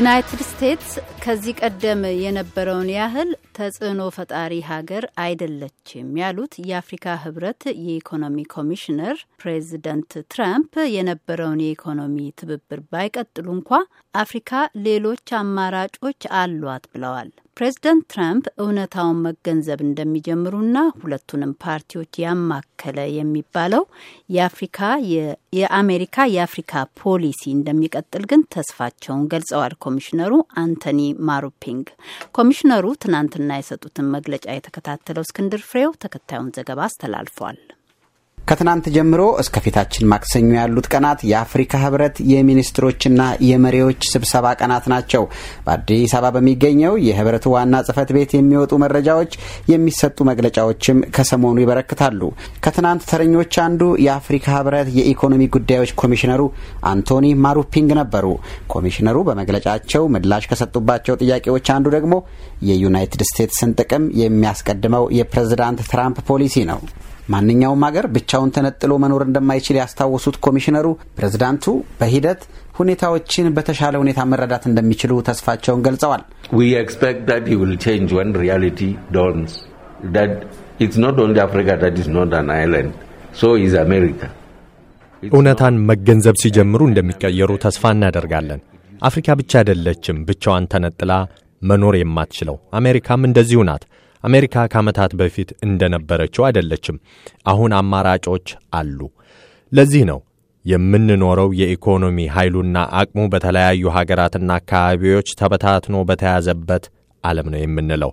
ዩናይትድ ስቴትስ ከዚህ ቀደም የነበረውን ያህል ተጽዕኖ ፈጣሪ ሀገር አይደለችም ያሉት የአፍሪካ ህብረት የኢኮኖሚ ኮሚሽነር ፕሬዚደንት ትራምፕ የነበረውን የኢኮኖሚ ትብብር ባይቀጥሉ እንኳ አፍሪካ ሌሎች አማራጮች አሏት ብለዋል። ፕሬዚደንት ትራምፕ እውነታውን መገንዘብ እንደሚጀምሩና ሁለቱንም ፓርቲዎች ያማከለ የሚባለው የአፍሪካ የአሜሪካ የአፍሪካ ፖሊሲ እንደሚቀጥል ግን ተስፋቸውን ገልጸዋል። ኮሚሽነሩ አንቶኒ ማሩፒንግ ኮሚሽነሩ ትናንትና የሰጡትን መግለጫ የተከታተለው እስክንድር ፍሬው ተከታዩን ዘገባ አስተላልፏል። ከትናንት ጀምሮ እስከ ፊታችን ማክሰኞ ያሉት ቀናት የአፍሪካ ህብረት የሚኒስትሮችና የመሪዎች ስብሰባ ቀናት ናቸው። በአዲስ አበባ በሚገኘው የህብረቱ ዋና ጽህፈት ቤት የሚወጡ መረጃዎች፣ የሚሰጡ መግለጫዎችም ከሰሞኑ ይበረክታሉ። ከትናንት ተረኞች አንዱ የአፍሪካ ህብረት የኢኮኖሚ ጉዳዮች ኮሚሽነሩ አንቶኒ ማሩፒንግ ነበሩ። ኮሚሽነሩ በመግለጫቸው ምላሽ ከሰጡባቸው ጥያቄዎች አንዱ ደግሞ የዩናይትድ ስቴትስን ጥቅም የሚያስቀድመው የፕሬዝዳንት ትራምፕ ፖሊሲ ነው። ማንኛውም አገር ብቻውን ተነጥሎ መኖር እንደማይችል ያስታወሱት ኮሚሽነሩ ፕሬዝዳንቱ በሂደት ሁኔታዎችን በተሻለ ሁኔታ መረዳት እንደሚችሉ ተስፋቸውን ገልጸዋል። እውነታን መገንዘብ ሲጀምሩ እንደሚቀየሩ ተስፋ እናደርጋለን። አፍሪካ ብቻ አይደለችም ብቻዋን ተነጥላ መኖር የማትችለው፣ አሜሪካም እንደዚሁ ናት። አሜሪካ ከዓመታት በፊት እንደነበረችው አይደለችም። አሁን አማራጮች አሉ። ለዚህ ነው የምንኖረው የኢኮኖሚ ኃይሉና አቅሙ በተለያዩ ሀገራትና አካባቢዎች ተበታትኖ በተያዘበት ዓለም ነው የምንለው።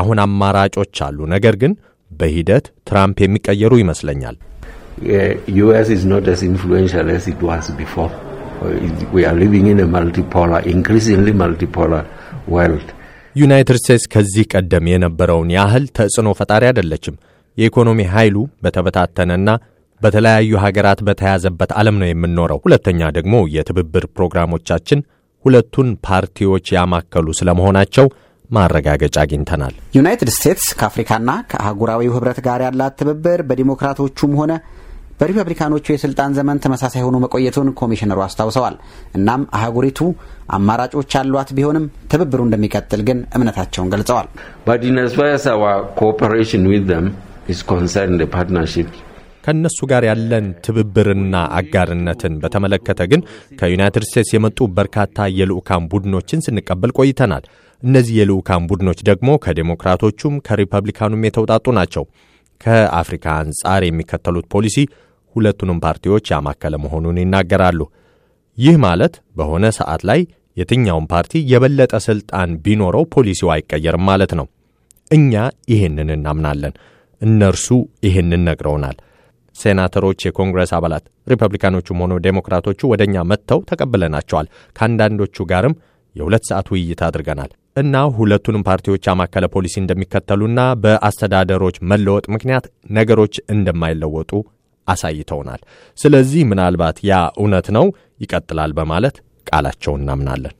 አሁን አማራጮች አሉ። ነገር ግን በሂደት ትራምፕ የሚቀየሩ ይመስለኛል። ዩኤስ ኢዝ ኖት ኤ ዩናይትድ ስቴትስ ከዚህ ቀደም የነበረውን ያህል ተጽዕኖ ፈጣሪ አይደለችም። የኢኮኖሚ ኃይሉ በተበታተነና በተለያዩ ሀገራት በተያዘበት ዓለም ነው የምንኖረው። ሁለተኛ ደግሞ የትብብር ፕሮግራሞቻችን ሁለቱን ፓርቲዎች ያማከሉ ስለመሆናቸው ማረጋገጫ አግኝተናል። ዩናይትድ ስቴትስ ከአፍሪካና ከአህጉራዊው ኅብረት ጋር ያላት ትብብር በዲሞክራቶቹም ሆነ በሪፐብሊካኖቹ የስልጣን ዘመን ተመሳሳይ ሆኖ መቆየቱን ኮሚሽነሩ አስታውሰዋል። እናም አህጉሪቱ አማራጮች ያሏት ቢሆንም ትብብሩ እንደሚቀጥል ግን እምነታቸውን ገልጸዋል። ከእነሱ ጋር ያለን ትብብርና አጋርነትን በተመለከተ ግን ከዩናይትድ ስቴትስ የመጡ በርካታ የልዑካን ቡድኖችን ስንቀበል ቆይተናል። እነዚህ የልዑካን ቡድኖች ደግሞ ከዴሞክራቶቹም ከሪፐብሊካኑም የተውጣጡ ናቸው። ከአፍሪካ አንጻር የሚከተሉት ፖሊሲ ሁለቱንም ፓርቲዎች ያማከለ መሆኑን ይናገራሉ። ይህ ማለት በሆነ ሰዓት ላይ የትኛውም ፓርቲ የበለጠ ስልጣን ቢኖረው ፖሊሲው አይቀየርም ማለት ነው። እኛ ይህንን እናምናለን። እነርሱ ይህንን ነግረውናል። ሴናተሮች፣ የኮንግረስ አባላት ሪፐብሊካኖቹም ሆኖ ዴሞክራቶቹ ወደ እኛ መጥተው ተቀብለናቸዋል። ከአንዳንዶቹ ጋርም የሁለት ሰዓት ውይይት አድርገናል። እና ሁለቱንም ፓርቲዎች ያማከለ ፖሊሲ እንደሚከተሉና በአስተዳደሮች መለወጥ ምክንያት ነገሮች እንደማይለወጡ አሳይተውናል። ስለዚህ ምናልባት ያ እውነት ነው ይቀጥላል በማለት ቃላቸውን እናምናለን።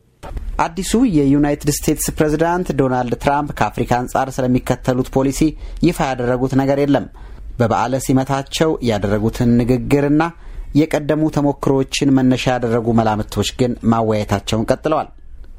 አዲሱ የዩናይትድ ስቴትስ ፕሬዝዳንት ዶናልድ ትራምፕ ከአፍሪካ አንጻር ስለሚከተሉት ፖሊሲ ይፋ ያደረጉት ነገር የለም። በበዓለ ሲመታቸው ያደረጉትን ንግግርና የቀደሙ ተሞክሮዎችን መነሻ ያደረጉ መላምቶች ግን ማወያየታቸውን ቀጥለዋል።